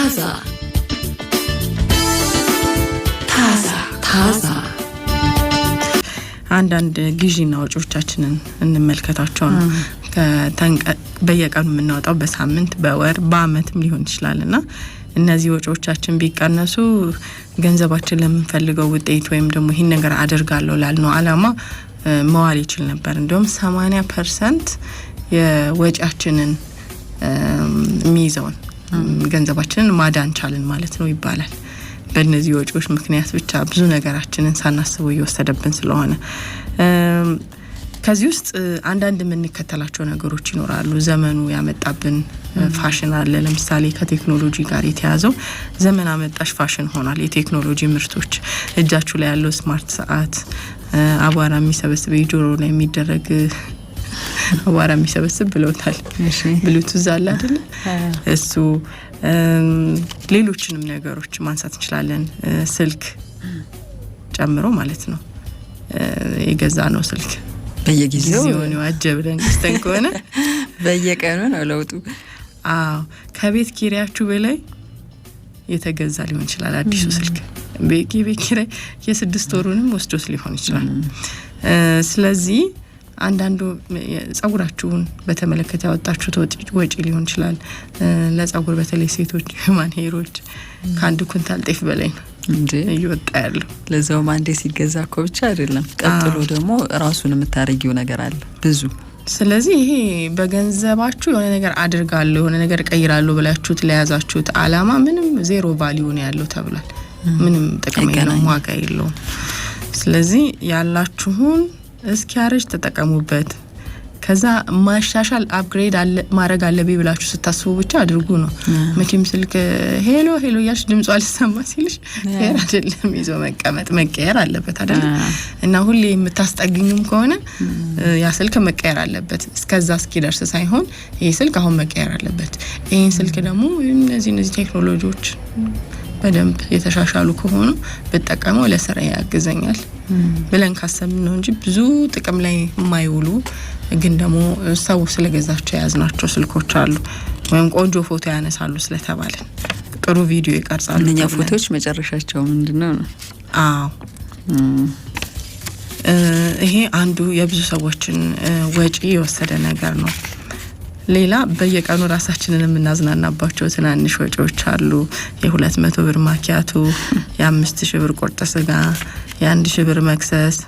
타사 타사 ታዛ አንዳንድ ግዢና ወጪዎቻችንን እንመልከታቸው ነው። በየቀኑ የምናወጣው በሳምንት በወር በአመትም ሊሆን ይችላል እና እነዚህ ወጪዎቻችን ቢቀነሱ ገንዘባችን ለምንፈልገው ውጤት ወይም ደግሞ ይህን ነገር አድርጋለሁ ላልነው አላማ መዋል ይችል ነበር። እንዲሁም ሰማኒያ ፐርሰንት የወጪያችንን የሚይዘውን ገንዘባችንን ማዳን ቻልን ማለት ነው ይባላል። በእነዚህ ወጪዎች ምክንያት ብቻ ብዙ ነገራችንን ሳናስበው እየወሰደብን ስለሆነ ከዚህ ውስጥ አንዳንድ የምንከተላቸው ነገሮች ይኖራሉ። ዘመኑ ያመጣብን ፋሽን አለ። ለምሳሌ ከቴክኖሎጂ ጋር የተያዘው ዘመን አመጣሽ ፋሽን ሆኗል። የቴክኖሎጂ ምርቶች እጃችሁ ላይ ያለው ስማርት ሰዓት፣ አቧራ የሚሰበስበ ጆሮ ላይ የሚደረግ አቧራ የሚሰበስብ ብለውታል። ብሉቱዝ አለ አይደለ? እሱ ሌሎችንም ነገሮች ማንሳት እንችላለን፣ ስልክ ጨምሮ ማለት ነው። የገዛ ነው ስልክ በየጊዜው አጀ ብለን ስተን ከሆነ በየቀኑ ነው ለውጡ። አዎ ከቤት ኪራያችሁ በላይ የተገዛ ሊሆን ይችላል አዲሱ ስልክ ቤት ኪራይ የስድስት ወሩንም ወስዶስ ሊሆን ይችላል። ስለዚህ አንዳንዱ ጸጉራችሁን በተመለከተ ያወጣችሁት ወጪ ሊሆን ይችላል። ለጸጉር በተለይ ሴቶች ማን ሄሮች ከአንድ ኩንታል ጤፍ በላይ ነው እየወጣ ያለ ለዛውም አንዴ ሲገዛ ኮ ብቻ አይደለም። ቀጥሎ ደግሞ ራሱን የምታደረጊው ነገር አለ ብዙ። ስለዚህ ይሄ በገንዘባችሁ የሆነ ነገር አድርጋለሁ የሆነ ነገር ቀይራለሁ ብላችሁት ለያዛችሁት አላማ ምንም ዜሮ ቫሊዩ ነው ያለው ተብሏል። ምንም ጥቅም ዋጋ የለውም። ስለዚህ ያላችሁን እስኪያረጅ ተጠቀሙበት። ከዛ ማሻሻል አፕግሬድ ማድረግ አለብኝ ብላችሁ ስታስቡ ብቻ አድርጉ ነው። መቼም ስልክ ሄሎ ሄሎ እያልሽ ድምጿ አልሰማ ሲልሽ ር አይደለም ይዞ መቀመጥ መቀየር አለበት አይደለ? እና ሁሌ የምታስጠግኙም ከሆነ ያ ስልክ መቀየር አለበት። እስከዛ እስኪደርስ ሳይሆን ይህ ስልክ አሁን መቀየር አለበት። ይህን ስልክ ደግሞ እነዚህ እነዚህ ቴክኖሎጂዎች በደንብ የተሻሻሉ ከሆኑ ብጠቀመው ለስራ ያግዘኛል ብለን ካሰብን ነው እንጂ ብዙ ጥቅም ላይ የማይውሉ ግን ደግሞ ሰው ስለገዛቸው የያዝናቸው ስልኮች አሉ። ወይም ቆንጆ ፎቶ ያነሳሉ ስለተባለን ጥሩ ቪዲዮ ይቀርጻሉ። እነኛ ፎቶዎች መጨረሻቸው ምንድነው ነው? አዎ ይሄ አንዱ የብዙ ሰዎችን ወጪ የወሰደ ነገር ነው። ሌላ በየቀኑ ራሳችንን የምናዝናናባቸው ትናንሽ ወጪዎች አሉ። የሁለት መቶ ብር ማኪያቱ፣ የአምስት ሺ ብር ቁርጥ ስጋ፣ የአንድ ሺ ብር መክሰስ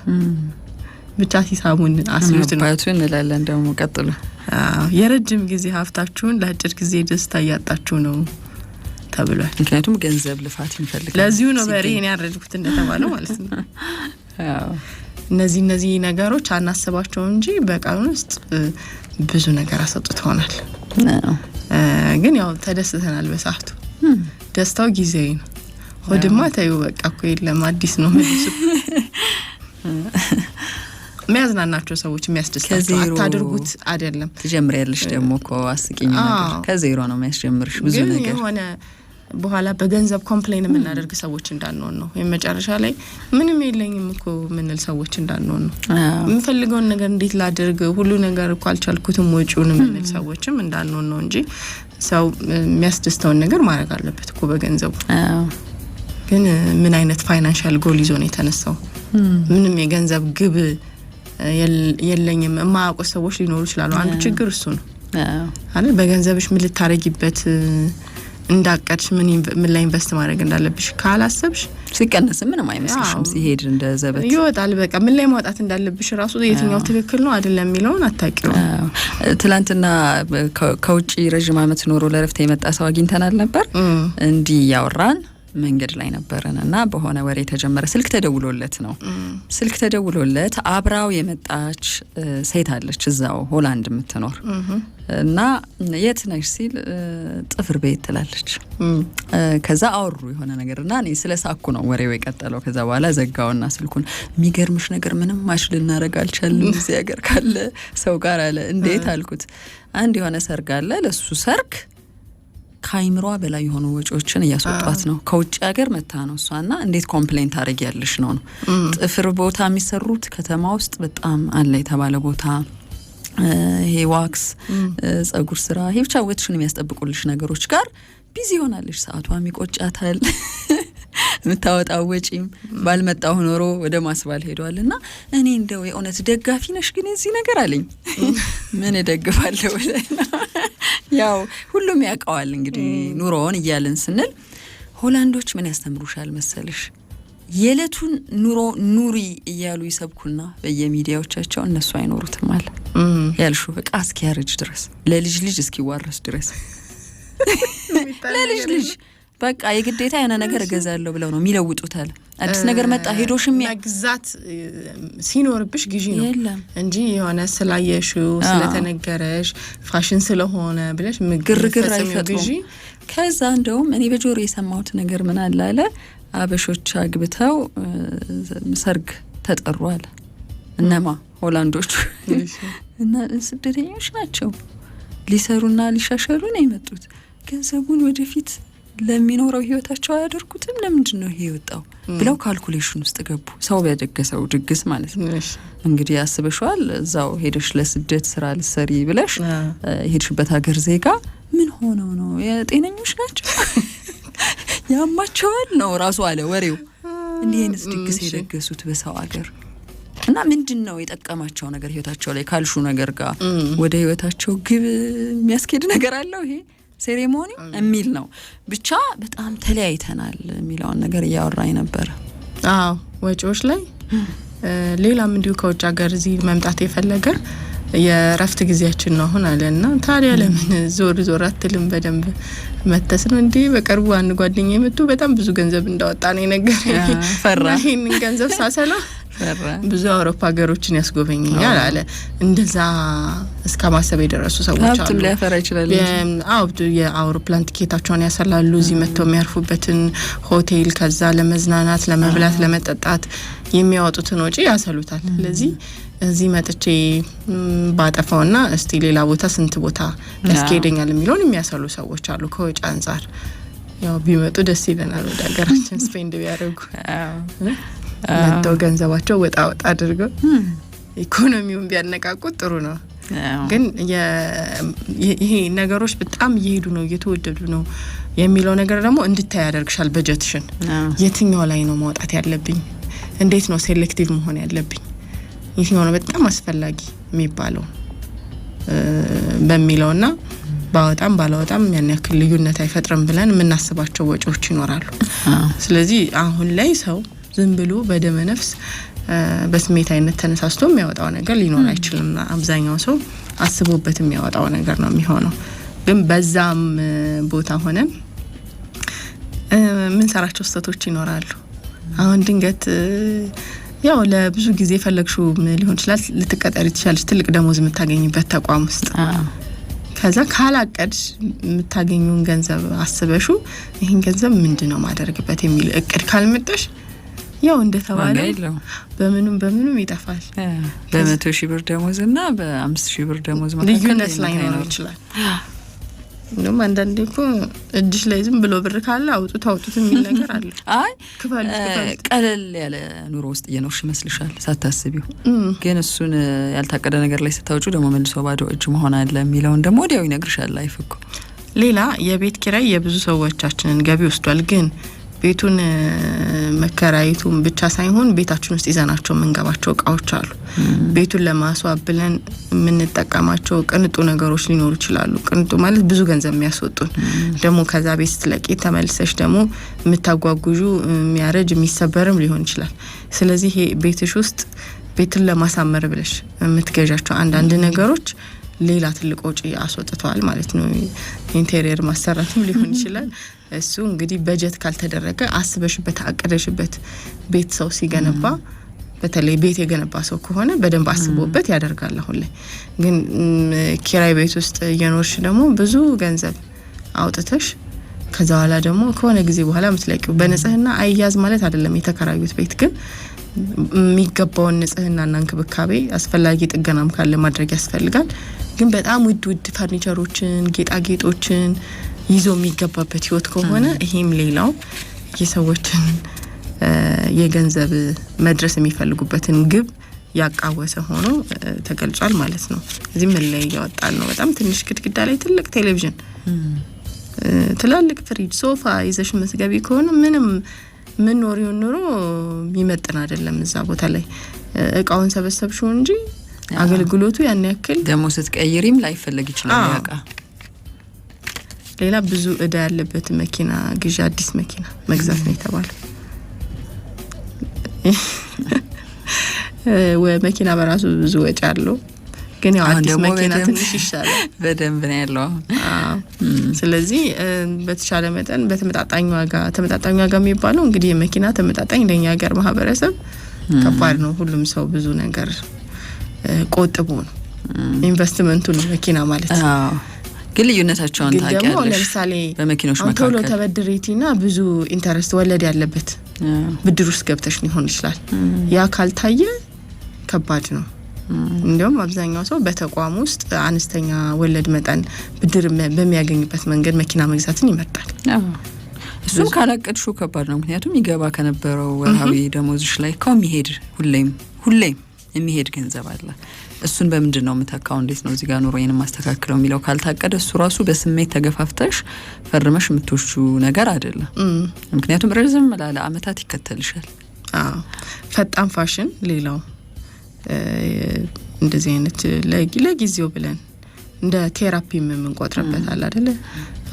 ብቻ ሂሳቡን አስዩት ነው እንላለን። ደግሞ ቀጥሎ የረጅም ጊዜ ሀብታችሁን ለአጭር ጊዜ ደስታ እያጣችሁ ነው ተብሏል። ምክንያቱም ገንዘብ ልፋት ይፈልጋል። ለዚሁ ነው እኔ ያረድኩት እንደተባለ ማለት ነው። እነዚህ እነዚህ ነገሮች አናስባቸው እንጂ በቀን ውስጥ ብዙ ነገር አሰጥቶናል። ግን ያው ተደስተናል በሰዓቱ። ደስታው ጊዜያዊ ነው። ሆድማ ተይው በቃ እኮ የለም አዲስ ነው መልሱ። የሚያዝናናቸው ሰዎች የሚያስደስታቸው አታድርጉት አይደለም። ትጀምሪያለሽ ደግሞ እኮ አስቂኝ ነገር ከዜሮ ነው የሚያስጀምርሽ ብዙ ነገር የሆነ በኋላ በገንዘብ ኮምፕሌን የምናደርግ ሰዎች እንዳንሆን ነው። ወይም መጨረሻ ላይ ምንም የለኝም እኮ ምንል ሰዎች እንዳንሆን ነው። የምፈልገውን ነገር እንዴት ላድርግ ሁሉ ነገር እኮ አልቻልኩትም ወጪውን የምንል ሰዎችም እንዳንሆን ነው እንጂ ሰው የሚያስደስተውን ነገር ማድረግ አለበት እኮ በገንዘቡ። ግን ምን አይነት ፋይናንሻል ጎል ይዞ ነው የተነሳው? ምንም የገንዘብ ግብ የለኝም የማያውቁ ሰዎች ሊኖሩ ይችላሉ። አንዱ ችግር እሱ ነው አይደል? በገንዘብሽ ምን ልታረጊበት እንዳቀድሽ ምን ላይ ኢንቨስት ማድረግ እንዳለብሽ ካላሰብሽ ሲቀነስ ምንም አይመስልሽም። ሲሄድ እንደ ዘበት ይወጣል። በቃ ምን ላይ ማውጣት እንዳለብሽ ራሱ የትኛው ትክክል ነው አይደለም የሚለውን አታውቂውም። ትላንትና ከውጭ ረዥም ዓመት ኖሮ ለረፍት የመጣ ሰው አግኝተናል ነበር እንዲህ ያወራን መንገድ ላይ ነበረን እና በሆነ ወሬ የተጀመረ ስልክ ተደውሎለት ነው። ስልክ ተደውሎለት አብራው የመጣች ሴት አለች እዛው ሆላንድ የምትኖር እና የት ነሽ ሲል ጥፍር ቤት ትላለች። ከዛ አወሩ የሆነ ነገር እና እኔ ስለ ሳኩ ነው ወሬው የቀጠለው። ከዛ በኋላ ዘጋውና ስልኩን። የሚገርምሽ ነገር ምንም ማሽ ልናደርግ አልቻልም እዚህ ሀገር ካለ ሰው ጋር አለ። እንዴት አልኩት። አንድ የሆነ ሰርግ አለ ለሱ ሰርግ ከአይምሯ በላይ የሆኑ ወጪዎችን እያስወጧት ነው። ከውጭ ሀገር መታ ነው እሷና እንዴት ኮምፕሌንት አድርግ ያለሽ ነው ነው ጥፍር ቦታ የሚሰሩት ከተማ ውስጥ በጣም አለ የተባለ ቦታ ይሄ ዋክስ፣ ጸጉር ስራ፣ ይሄ ብቻ ውበትሽን የሚያስጠብቁልሽ ነገሮች ጋር ቢዚ ይሆናለሽ። ሰዓቷም ይቆጫታል። የምታወጣው ወጪም ባልመጣሁ ኖሮ ወደ ማስባል ሄዷል። እና እኔ እንደው የእውነት ደጋፊ ነሽ ግን እዚህ ነገር አለኝ። ምን እደግፋለሁ? ያው ሁሉም ያውቀዋል እንግዲህ ኑሮውን እያለን ስንል ሆላንዶች ምን ያስተምሩሻል መሰልሽ የዕለቱን ኑሮ ኑሪ እያሉ ይሰብኩና በየሚዲያዎቻቸው እነሱ አይኖሩትም አለ ያልሹ በቃ እስኪያርጅ ድረስ ለልጅ ልጅ እስኪዋረስ ድረስ ለልጅ ልጅ በቃ የግዴታ የሆነ ነገር እገዛለሁ ብለው ነው የሚለውጡታል። አዲስ ነገር መጣ ሄዶ ሽሚያ መግዛት ሲኖርብሽ ግዢ ነው እንጂ የሆነ ስላየሽው ስለተነገረሽ ፋሽን ስለሆነ ብለሽ ግርግር አይፈጥሩም። ከዛ እንደውም እኔ በጆሮ የሰማሁት ነገር ምን አላለ አበሾች አግብተው ሰርግ ተጠሯል። እነማ ሆላንዶቹ እና ስደተኞች ናቸው። ሊሰሩና ሊሻሸሉ ነው የመጡት ገንዘቡን ወደፊት ለሚኖረው ህይወታቸው አያደርጉትም። ለምንድን ነው ይሄ የወጣው ብለው ካልኩሌሽን ውስጥ ገቡ። ሰው ያደገሰው ድግስ ማለት ነው። እንግዲህ አስበሽዋል። እዛው ሄደሽ ለስደት ስራ ልሰሪ ብለሽ ሄድሽበት ሀገር ዜጋ ምን ሆነው ነው የጤነኞች ናቸው ያማቸዋል ነው ራሱ አለ ወሬው። እንዲህ አይነት ድግስ የደገሱት በሰው አገር እና ምንድን ነው የጠቀማቸው ነገር ህይወታቸው ላይ ካልሹ ነገር ጋር ወደ ህይወታቸው ግብ የሚያስኬድ ነገር አለው ይሄ ሴሬሞኒ የሚል ነው። ብቻ በጣም ተለያይተናል የሚለውን ነገር እያወራኝ ነበረ። አዎ ወጪዎች ላይ ሌላም እንዲሁ ከውጭ ሀገር እዚህ መምጣት የፈለገ የእረፍት ጊዜያችን ነው አሁን አለ እና ታዲያ ለምን ዞር ዞር አትልም? በደንብ መተስ ነው እንዲህ በቅርቡ አንድ ጓደኛ የመጡ በጣም ብዙ ገንዘብ እንዳወጣ ነው የነገረኝ። ፈራ ይህንን ገንዘብ ሳሰላ ብዙ አውሮፓ ሀገሮችን ያስጎበኝኛል አለ። እንደዛ እስከ ማሰብ የደረሱ ሰዎች አሉ። ሊያፈራ ይችላል። የአውሮፕላን ትኬታቸውን ያሰላሉ፣ እዚህ መጥተው የሚያርፉበትን ሆቴል፣ ከዛ ለመዝናናት፣ ለመብላት፣ ለመጠጣት የሚያወጡትን ወጪ ያሰሉታል። ስለዚህ እዚህ መጥቼ ባጠፋውና እስቲ ሌላ ቦታ ስንት ቦታ ያስኬደኛል የሚለውን የሚያሰሉ ሰዎች አሉ ከወጪ አንጻር ያው ቢመጡ ደስ ይለናል። ወደ ሀገራችን ስፔንድ ቢያደርጉ መጥተው ገንዘባቸው ወጣ ወጣ አድርገው ኢኮኖሚውን ቢያነቃቁ ጥሩ ነው። ግን ይሄ ነገሮች በጣም እየሄዱ ነው፣ እየተወደዱ ነው የሚለው ነገር ደግሞ እንድታይ ያደርግሻል። በጀትሽን የትኛው ላይ ነው ማውጣት ያለብኝ? እንዴት ነው ሴሌክቲቭ መሆን ያለብኝ? የትኛው ነው በጣም አስፈላጊ የሚባለው በሚለው እና ባወጣም ባላወጣም ያን ያክል ልዩነት አይፈጥርም ብለን የምናስባቸው ወጪዎች ይኖራሉ። ስለዚህ አሁን ላይ ሰው ዝም ብሎ በደመ ነፍስ በስሜት አይነት ተነሳስቶ የሚያወጣው ነገር ሊኖር አይችልም። አብዛኛው ሰው አስቦበት የሚያወጣው ነገር ነው የሚሆነው። ግን በዛም ቦታ ሆነን የምንሰራቸው ስህተቶች ይኖራሉ። አሁን ድንገት ያው ለብዙ ጊዜ ፈለግሽው ሊሆን ይችላል ልትቀጠሪ ትችላለች፣ ትልቅ ደሞዝ የምታገኝበት ተቋም ውስጥ ከዛ ካላቀድ የምታገኙን ገንዘብ አስበሹ ይህን ገንዘብ ምንድን ነው ማደርግበት የሚል እቅድ ካልምጠሽ? ያው እንደተባለ በምኑም በምኑም ይጠፋል። በመቶ ሺህ ብር ደሞዝ እና በአምስት ሺህ ብር ደሞዝ ልዩነት ላይኖር ይችላል። እንዲሁም አንዳንዴ እኮ እጅሽ ላይ ዝም ብሎ ብር ካለ አውጡት አውጡት የሚል ነገር አለ። አይ ቀለል ያለ ኑሮ ውስጥ እየኖርሽ ይመስልሻል ሳታስቢው፣ ግን እሱን ያልታቀደ ነገር ላይ ስታውጩ ደግሞ መልሶ ባዶ እጅ መሆን አለ የሚለውን ደግሞ ወዲያው ይነግርሻል ላይፍ እኮ። ሌላ የቤት ኪራይ የብዙ ሰዎቻችንን ገቢ ወስዷል ግን ቤቱን መከራየቱን ብቻ ሳይሆን ቤታችን ውስጥ ይዘናቸው የምንገባቸው እቃዎች አሉ። ቤቱን ለማስዋብ ብለን የምንጠቀማቸው ቅንጡ ነገሮች ሊኖሩ ይችላሉ። ቅንጡ ማለት ብዙ ገንዘብ የሚያስወጡን ደግሞ ከዛ ቤት ስትለቂ ተመልሰሽ ደግሞ የምታጓጉዡ የሚያረጅ የሚሰበርም ሊሆን ይችላል። ስለዚህ ቤትሽ ውስጥ ቤትን ለማሳመር ብለሽ የምትገዣቸው አንዳንድ ነገሮች ሌላ ትልቅ ወጪ አስወጥተዋል ማለት ነው። ኢንቴሪየር ማሰራትም ሊሆን ይችላል። እሱ እንግዲህ በጀት ካልተደረገ አስበሽበት አቅደሽበት ቤት ሰው ሲገነባ በተለይ ቤት የገነባ ሰው ከሆነ በደንብ አስቦበት ያደርጋል። አሁን ላይ ግን ኪራይ ቤት ውስጥ እየኖርሽ ደግሞ ብዙ ገንዘብ አውጥተሽ ከዛ በኋላ ደግሞ ከሆነ ጊዜ በኋላ ምትለቂው በንጽህና አያዝ ማለት አይደለም የተከራዩት ቤት ግን የሚገባውን ንጽህናና እንክብካቤ አስፈላጊ ጥገናም ካለ ማድረግ ያስፈልጋል። ግን በጣም ውድ ውድ ፈርኒቸሮችን፣ ጌጣጌጦችን ይዞ የሚገባበት ህይወት ከሆነ ይሄም ሌላው የሰዎችን የገንዘብ መድረስ የሚፈልጉበትን ግብ ያቃወሰ ሆኖ ተገልጿል ማለት ነው። እዚህ ምን ላይ እያወጣል ነው? በጣም ትንሽ ግድግዳ ላይ ትልቅ ቴሌቪዥን፣ ትላልቅ ፍሪጅ፣ ሶፋ ይዘሽ መስገቢ ከሆነ ምንም ምን ኖሪውን ኑሮ የሚመጥን አይደለም። እዛ ቦታ ላይ እቃውን ሰበሰብሽው እንጂ አገልግሎቱ ያን ያክል ደግሞ ስትቀይሪም ላይፈለግ ይችላል። ያቃ ሌላ ብዙ እዳ ያለበት መኪና ግዢ አዲስ መኪና መግዛት ነው የተባለው። መኪና በራሱ ብዙ ወጪ አለው። ግን ያው አዲስ መኪና ትንሽ ይሻላል፣ በደንብ ነው ያለው። ስለዚህ በተቻለ መጠን በተመጣጣኝ ዋጋ ተመጣጣኝ ዋጋ የሚባለው እንግዲህ የመኪና ተመጣጣኝ ለእኛ ሀገር ማህበረሰብ ከባድ ነው። ሁሉም ሰው ብዙ ነገር ቆጥቦ ነው ኢንቨስትመንቱ ነው መኪና ማለት ነው። ግን ልዩነታቸውን ታውቂያለሽ? ለምሳሌ በመኪኖች ቶሎ ተበድሬቲና ብዙ ኢንተረስት ወለድ ያለበት ብድር ውስጥ ገብተሽ ሊሆን ይችላል። ያ ካልታየ ከባድ ነው። እንዲሁም አብዛኛው ሰው በተቋም ውስጥ አነስተኛ ወለድ መጠን ብድር በሚያገኝበት መንገድ መኪና መግዛትን ይመርጣል። እሱም ካላቀድሽው ከባድ ነው። ምክንያቱም ይገባ ከነበረው ወርሃዊ ደሞዝሽ ላይ እኮ የሚሄድ ሁሌም ሁሌም የሚሄድ ገንዘብ አለ። እሱን በምንድን ነው የምተካው? እንዴት ነው እዚህ ኑሮ ኑሮዬን ማስተካክለው የሚለው ካልታቀደ እሱ ራሱ በስሜት ተገፋፍተሽ ፈርመሽ የምትወሹ ነገር አይደለም። ምክንያቱም ረዝም ላለ አመታት ይከተልሻል። ፈጣን ፋሽን ሌላው እንደዚህ አይነት ለጊዜው ብለን እንደ ቴራፒም የምንቆጥርበት አለ አደለ?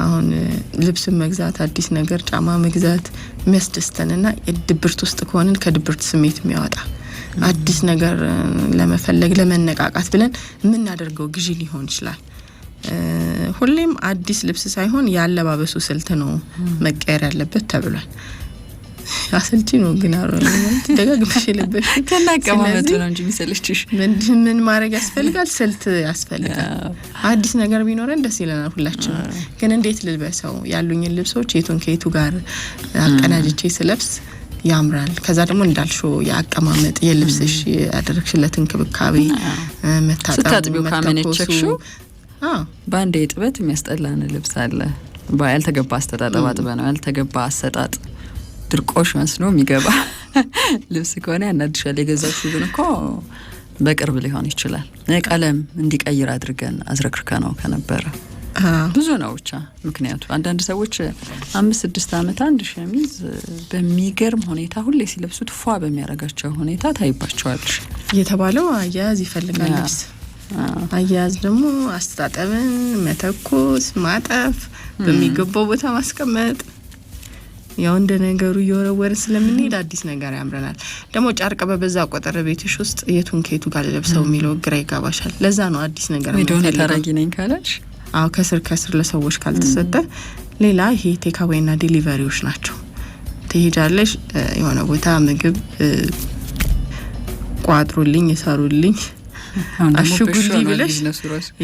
አሁን ልብስ መግዛት፣ አዲስ ነገር ጫማ መግዛት የሚያስደስተንና ድብርት ውስጥ ከሆንን ከድብርት ስሜት የሚያወጣ አዲስ ነገር ለመፈለግ ለመነቃቃት ብለን የምናደርገው ግዢ ሊሆን ይችላል። ሁሌም አዲስ ልብስ ሳይሆን የአለባበሱ ስልት ነው መቀየር ያለበት ተብሏል። አሰልቺ ነው ግን አሮ ደጋግመሽ የለበሽ ከናቀማመጡ ነው እንጂ የሚሰለችሽ። ምን ማድረግ ያስፈልጋል? ስልት ያስፈልጋል። አዲስ ነገር ቢኖረን ደስ ይለናል ሁላችን። ግን እንዴት ልልበሰው? ያሉኝን ልብሶች የቱን ከየቱ ጋር አቀናጅቼ ስለብስ ያምራል። ከዛ ደግሞ እንዳልሾ የአቀማመጥ የልብስሽ ያደረግሽለት እንክብካቤ መታጠቢው ካመነቸክሹ በአንድ የጥበት የሚያስጠላን ልብስ አለ። ያልተገባ አስተጣጠብ አጥበ ነው ያልተገባ አሰጣጥ ድርቆሽ መስሎ የሚገባ ልብስ ከሆነ ያናድሻል። የገዛችው ግን እኮ በቅርብ ሊሆን ይችላል። ቀለም እንዲቀይር አድርገን አዝረክርከ ነው ከነበረ ብዙ ነው ብቻ ምክንያቱ። አንዳንድ ሰዎች አምስት ስድስት ዓመት አንድ ሸሚዝ በሚገርም ሁኔታ ሁሌ ሲለብሱት ፏ በሚያደርጋቸው ሁኔታ ታይባቸዋል። የተባለው አያያዝ ይፈልጋል ልብስ አያያዝ ደግሞ አስተጣጠብን፣ መተኮስ፣ ማጠፍ፣ በሚገባው ቦታ ማስቀመጥ ያው እንደ ነገሩ እየወረወርን ስለምንሄድ አዲስ ነገር ያምረናል። ደግሞ ጨርቅ በበዛ ቁጥር ቤትሽ ውስጥ የቱን ከየቱ ጋር ለብሰው የሚለው ግራ ይጋባሻል። ለዛ ነው አዲስ ነገር ታረጊ ነኝ ካለች አዎ ከስር ከስር ለሰዎች ካልተሰጠ ሌላ ይሄ ቴካዌና ዴሊቨሪዎች ናቸው። ትሄጃለሽ የሆነ ቦታ ምግብ ቋጥሩልኝ፣ ይሰሩልኝ አሽጉልኝ ብለሽ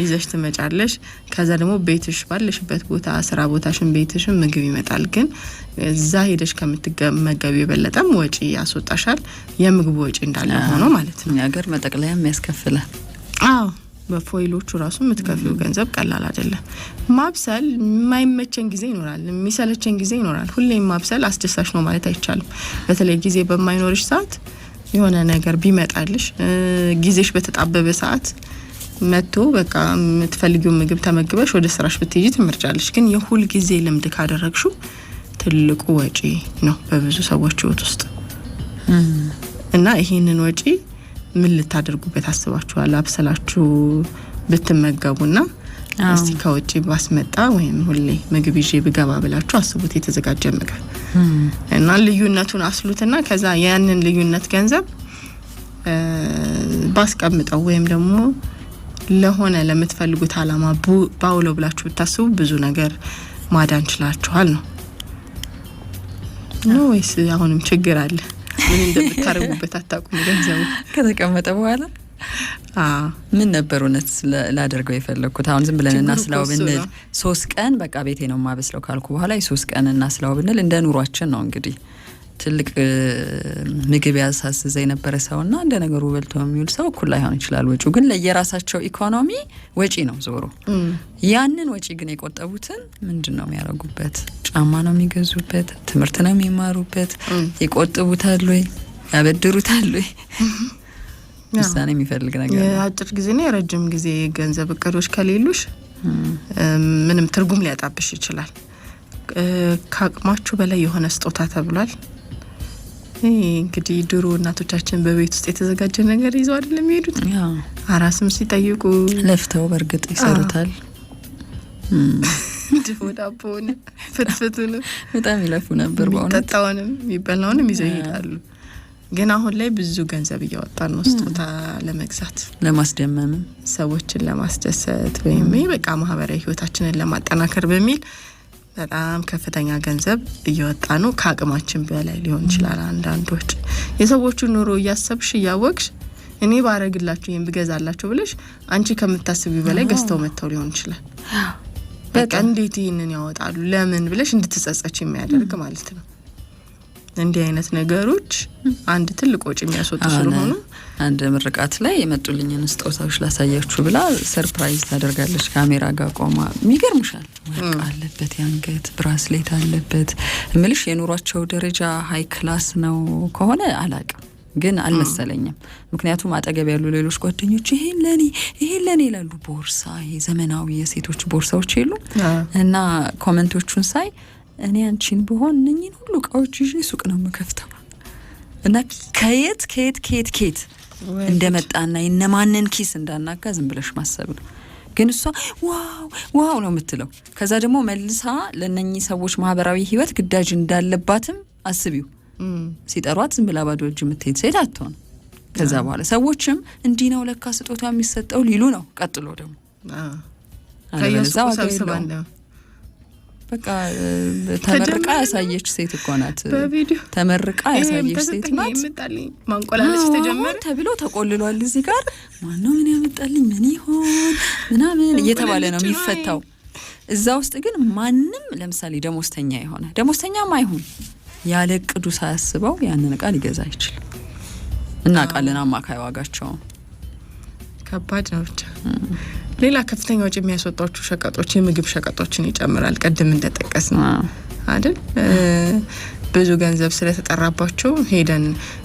ይዘሽ ትመጫለሽ። ከዛ ደግሞ ቤትሽ ባለሽበት ቦታ ስራ ቦታሽን፣ ቤትሽን ምግብ ይመጣል። ግን እዛ ሄደሽ ከምትመገብ የበለጠም ወጪ ያስወጣሻል። የምግቡ ወጪ እንዳለ ሆኖ ማለት ነው። ሀገር መጠቅለያም ያስከፍላል። አዎ በፎይሎቹ ራሱ የምትከፍሉ ገንዘብ ቀላል አይደለም። ማብሰል የማይመቸን ጊዜ ይኖራል፣ የሚሰለቸን ጊዜ ይኖራል። ሁሌም ማብሰል አስደሳች ነው ማለት አይቻልም። በተለይ ጊዜ በማይኖርሽ ሰዓት የሆነ ነገር ቢመጣልሽ ጊዜሽ በተጣበበ ሰዓት መጥቶ በቃ የምትፈልጊውን ምግብ ተመግበሽ ወደ ስራሽ ብትሄጂ ትመርጫለሽ። ግን የሁል ጊዜ ልምድ ካደረግሹ ትልቁ ወጪ ነው በብዙ ሰዎች ህይወት ውስጥ እና ይህንን ወጪ ምን ልታደርጉበት አስባችኋል? አብስላችሁ ብትመገቡና እስቲ ከውጭ ባስመጣ ወይም ሁሌ ምግብ ይዤ ብገባ ብላችሁ አስቡት። የተዘጋጀ ምግብ እና ልዩነቱን አስሉትና ከዛ ያንን ልዩነት ገንዘብ ባስቀምጠው ወይም ደግሞ ለሆነ ለምትፈልጉት አላማ ባውሎ ብላችሁ ብታስቡ ብዙ ነገር ማዳን ችላችኋል ነው ነው ወይስ አሁንም ችግር አለ? ምን እንደምታደርጉበት አታውቁም። ገንዘቡ ከተቀመጠ በኋላ ምን ነበር እውነት ላደርገው የፈለግኩት? አሁን ዝም ብለን እናስላው ብንል ሶስት ቀን በቃ ቤቴ ነው የማበስለው ካልኩ በኋላ የሶስት ቀን እናስላው ብንል እንደ ኑሯችን ነው እንግዲህ ትልቅ ምግብ ያሳስዘ የነበረ ሰው እና እንደ ነገሩ በልቶ የሚውል ሰው እኩል ላይሆን ይችላል። ወጪው ግን ለየራሳቸው ኢኮኖሚ ወጪ ነው ዞሮ። ያንን ወጪ ግን የቆጠቡትን ምንድን ነው የሚያደርጉበት? ጫማ ነው የሚገዙበት፣ ትምህርት ነው የሚማሩበት። ይቆጥቡታል ወይ ያበድሩታል ወይ ውሳኔ የሚፈልግ ነገር ነው። የአጭር ጊዜና የረጅም ጊዜ ገንዘብ እቅዶች ከሌሉሽ ምንም ትርጉም ሊያጣብሽ ይችላል። ከአቅማችሁ በላይ የሆነ ስጦታ ተብሏል። እንግዲህ ድሮ እናቶቻችን በቤት ውስጥ የተዘጋጀ ነገር ይዘው አይደለም የሚሄዱት። አራስም ሲጠይቁ ለፍተው በእርግጥ ይሰሩታል። ድፎ ዳቦውን ፍትፍቱንም በጣም ይለፉ ነበር። በእውነት የሚጠጣውንም የሚበላውንም ይዘው ይሄዳሉ። ግን አሁን ላይ ብዙ ገንዘብ እያወጣን ነው ስጦታ ለመግዛት ለማስደመም ሰዎችን ለማስደሰት ወይም በቃ ማህበራዊ ህይወታችንን ለማጠናከር በሚል በጣም ከፍተኛ ገንዘብ እየወጣ ነው። ከአቅማችን በላይ ሊሆን ይችላል። አንዳንዶች የሰዎቹን ኑሮ እያሰብሽ እያወቅሽ እኔ ባረግላችሁ ይህም ብገዛላቸው ብለሽ አንቺ ከምታስቢ በላይ ገዝተው መጥተው ሊሆን ይችላል። በቃ እንዴት ይህንን ያወጣሉ ለምን ብለሽ እንድትጸጸች የሚያደርግ ማለት ነው። እንዲህ አይነት ነገሮች አንድ ትልቅ ወጪ የሚያስወጡ ስለሆኑ አንድ ምርቃት ላይ የመጡልኝን ስጦታዎች ላሳያችሁ ብላ ሰርፕራይዝ ታደርጋለች። ካሜራ ጋር ቆማ የሚገርምሻል፣ ወርቅ አለበት፣ የአንገት ብራስሌት አለበት። ምልሽ የኑሯቸው ደረጃ ሀይ ክላስ ነው ከሆነ አላቅም ግን አልመሰለኝም። ምክንያቱም አጠገብ ያሉ ሌሎች ጓደኞች ይሄን ለኔ ይሄን ለኔ ይላሉ። ቦርሳ፣ ይሄ ዘመናዊ የሴቶች ቦርሳዎች የሉ እና ኮመንቶቹን ሳይ እኔ አንቺን ብሆን እነኝን ሁሉ እቃዎች ይዤ ሱቅ ነው የምከፍተው እና ከየት ከየት ከየት ከየት እንደመጣና የነማንን ኪስ እንዳናጋ ዝም ብለሽ ማሰብ ነው። ግን እሷ ዋው ዋው ነው የምትለው። ከዛ ደግሞ መልሳ ለእነኚህ ሰዎች ማህበራዊ ህይወት ግዳጅ እንዳለባትም አስቢው። ሲጠሯት ዝም ብላ ባዶ እጅ የምትሄድ ሴት አትሆን። ከዛ በኋላ ሰዎችም እንዲህ ነው ለካ ስጦታ የሚሰጠው ሊሉ ነው። ቀጥሎ ደግሞ በቃ ተመርቃ ያሳየች ሴት እኮ ናት። ተመርቃ ያሳየች ሴት ናት። ማንቆላለች ተብሎ ተቆልሏል። እዚህ ጋር ማነው ምን ያመጣልኝ ምን ይሆን ምናምን እየተባለ ነው የሚፈታው። እዛ ውስጥ ግን ማንም ለምሳሌ ደሞዝተኛ የሆነ ደሞዝተኛም አይሁን ያለ ቅዱ ሳያስበው ያንን እቃ ሊገዛ አይችልም። እናውቃለን አማካይ ዋጋቸውን ከባድ ነው ብቻ ሌላ ከፍተኛ ወጪ የሚያስወጧችሁ ሸቀጦች የምግብ ሸቀጦችን ይጨምራል። ቀድም እንደጠቀስ ነው አይደል? ብዙ ገንዘብ ስለተጠራባቸው ሄደን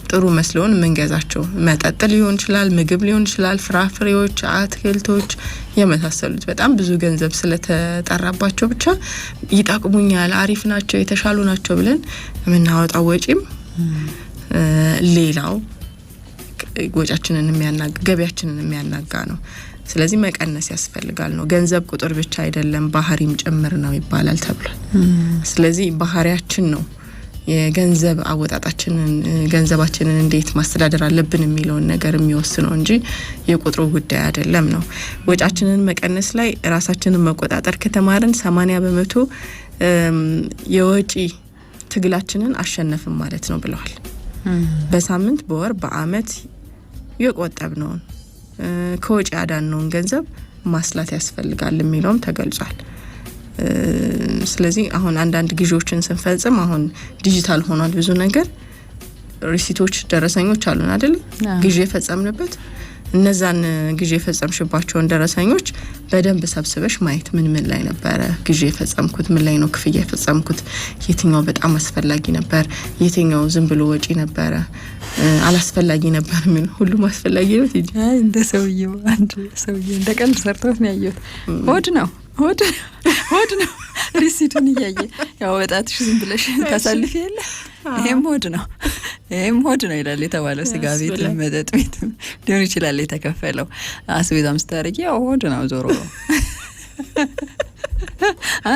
ጥሩ መስለውን የምንገዛቸው መጠጥ ሊሆን ይችላል፣ ምግብ ሊሆን ይችላል፣ ፍራፍሬዎች፣ አትክልቶች የመሳሰሉት በጣም ብዙ ገንዘብ ስለተጠራባቸው ብቻ ይጠቅሙኛል፣ አሪፍ ናቸው፣ የተሻሉ ናቸው ብለን የምናወጣው ወጪም ሌላው ወጫችንን የሚያናጋ ገቢያችንን የሚያናጋ ነው። ስለዚህ መቀነስ ያስፈልጋል ነው። ገንዘብ ቁጥር ብቻ አይደለም ባህሪም ጭምር ነው ይባላል ተብሏል። ስለዚህ ባህሪያችን ነው የገንዘብ አወጣጣችንን ገንዘባችንን እንዴት ማስተዳደር አለብን የሚለውን ነገር የሚወስነው እንጂ የቁጥሩ ጉዳይ አይደለም ነው። ወጫችንን መቀነስ ላይ ራሳችንን መቆጣጠር ከተማርን ሰማንያ በመቶ የወጪ ትግላችንን አሸነፍም ማለት ነው ብለዋል። በሳምንት በወር በአመት የቆጠብ ነውን ከወጪ ያዳነውን ገንዘብ ማስላት ያስፈልጋል የሚለውም ተገልጿል። ስለዚህ አሁን አንዳንድ ግዢዎችን ስንፈጽም አሁን ዲጂታል ሆኗል ብዙ ነገር ሪሲቶች ደረሰኞች አሉን አይደል ግዢ የፈጸምንበት እነዛን ግዢ የፈጸምሽባቸውን ደረሰኞች በደንብ ሰብስበሽ ማየት ምን ምን ላይ ነበረ ግዢ የፈጸምኩት፣ ምን ላይ ነው ክፍያ የፈጸምኩት፣ የትኛው በጣም አስፈላጊ ነበር፣ የትኛው ዝም ብሎ ወጪ ነበረ፣ አላስፈላጊ ነበር ምን ሁሉም አስፈላጊ ነው። እንደ ሰውዬው አንድ ሰውዬ እንደ ቀልድ ሰርቶት ነው ያየሁት ሆድ ነው ሆድ ሆድ ነው። ሪሲቱን እያየ ያው ወጣትሽ ዝም ብለሽ ታሳልፊ የለ ይሄም ሆድ ነው ይህም ሆድ ነው ይላል የተባለው። ስጋ ቤት መጠጥ ቤት ሊሆን ይችላል የተከፈለው። አስቤዛም ስታደርጊ ያው ሆድ ነው ዞሮ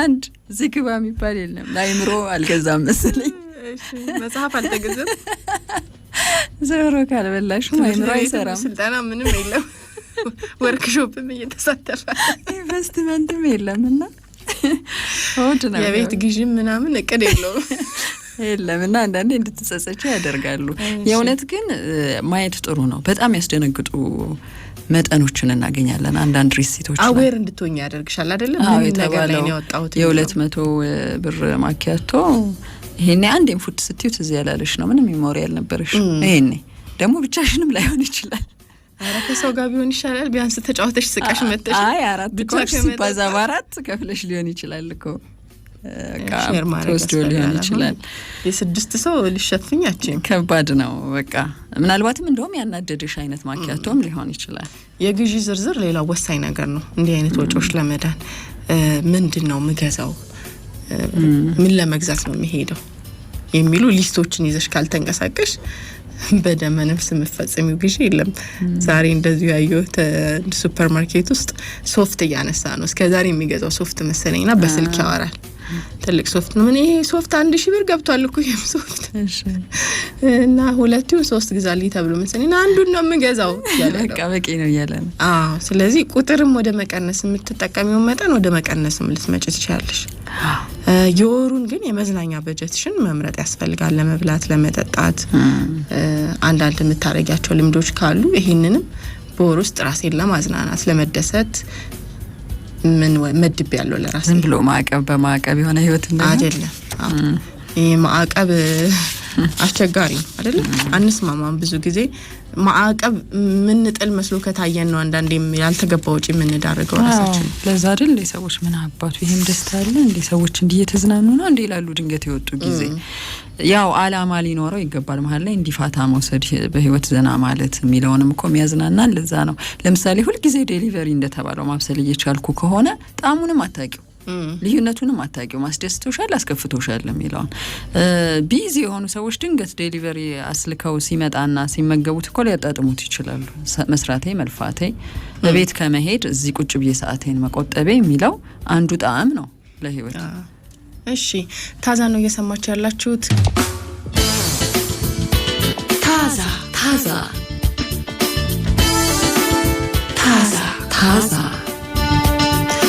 አንድ ዝግባ የሚባል የለም። ለአይምሮ አልገዛም መስለኝ መጽሐፍ አልተገዘም። ዞሮ ካልበላሹም አይምሮ አይሰራም። ስልጠና ምንም የለም። ወርክሾፕም እየተሳተፈ ኢንቨስትመንትም የለም እና ውድ ነው። የቤት ግዥም ምናምን እቅድ የለውም የለም እና አንዳንዴ እንድትጸጸቸው ያደርጋሉ። የእውነት ግን ማየት ጥሩ ነው። በጣም ያስደነግጡ መጠኖችን እናገኛለን። አንዳንድ ሪሲቶች አዌር እንድትሆኝ ያደርግሻል አይደለም? የተባለው የሁለት መቶ ብር ማኪያቶ ይሄኔ አንዴም ፉድ ስትዩ ትዝ ያላለሽ ነው። ምንም ሜሞሪ ያልነበረሽ ይሄኔ ደግሞ ብቻሽንም ላይሆን ይችላል ኧረ ከሰው ጋር ቢሆን ይሻላል። ቢያንስ ተጫዋተሽ ስቃሽ መተሽ። አይ አራት ኮሽ ሲባዛ በአራት ከፍለሽ ሊሆን ይችላል እኮ ተወስዶ ሊሆን ይችላል። የስድስት ሰው ልሸፍኛችን ከባድ ነው። በቃ ምናልባትም እንደውም ያናደደሽ አይነት ማኪያቶም ሊሆን ይችላል። የግዢ ዝርዝር ሌላው ወሳኝ ነገር ነው። እንዲህ አይነት ወጪዎች ለመዳን ምንድን ነው ምገዛው፣ ምን ለመግዛት ነው የሚሄደው የሚሉ ሊስቶችን ይዘሽ ካልተንቀሳቀሽ በደመ ነፍስ የምፈጽሚው ጊዜ የለም። ዛሬ እንደዚሁ ያየሁት ሱፐር ማርኬት ውስጥ ሶፍት እያነሳ ነው። እስከዛሬ የሚገዛው ሶፍት መሰለኝና በስልክ ያወራል ትልቅ ሶፍት ነው። እኔ ሶፍት አንድ ሺ ብር ገብቷል እኮ ይህም ሶፍት እና ሁለቱን ሶስት ግዛልኝ ተብሎ መሰለኝ እና አንዱን ነው የምገዛው በቂ ነው እያለ ነው። አዎ ስለዚህ ቁጥርም ወደ መቀነስ የምትጠቀሚውን መጠን ወደ መቀነስም ልትመጪ ትችላለሽ። የወሩን ግን የመዝናኛ በጀትሽን መምረጥ ያስፈልጋል። ለመብላት፣ ለመጠጣት አንዳንድ የምታረጊያቸው ልምዶች ካሉ ይህንንም በወር ውስጥ ራሴን ለማዝናናት ለመደሰት ምን መድብ ያለው ለራስ ዝም ብሎ ማዕቀብ በማዕቀብ የሆነ ህይወት እንደ አይደለም። ይህ ማዕቀብ አስቸጋሪ ነው አይደለም። አንስማማም። ብዙ ጊዜ ማዕቀብ ምንጥል መስሎ ከታየን ነው አንዳንዴ ያልተገባ ወጪ የምንዳረገው ራሳችን። ለዛ አይደል እንደ ሰዎች ምን አባቱ ይህም ደስታ አለ እንዴ? ሰዎች እንዲህ እየተዝናኑ ነው እንዴ? ይላሉ ድንገት የወጡ ጊዜ ያው አላማ ሊኖረው ይገባል። መሀል ላይ እንዲፋታ መውሰድ በህይወት ዘና ማለት የሚለውንም እኮ የሚያዝናናን ለዛ ነው። ለምሳሌ ሁልጊዜ ዴሊቨሪ እንደተባለው ማብሰል እየቻልኩ ከሆነ ጣዕሙንም አታውቂው፣ ልዩነቱንም አታውቂው። ማስደስቶሻል፣ አስከፍቶሻል የሚለውን ቢዚ የሆኑ ሰዎች ድንገት ዴሊቨሪ አስልከው ሲመጣና ሲመገቡት እኮ ሊያጣጥሙት ይችላሉ። መስራቴ መልፋቴ በቤት ከመሄድ እዚህ ቁጭ ብዬ ሰዓቴን መቆጠቤ የሚለው አንዱ ጣዕም ነው ለህይወት እሺ ታዛ ነው እየሰማችሁ ያላችሁት። ታዛ ታዛ ታዛ ታዛ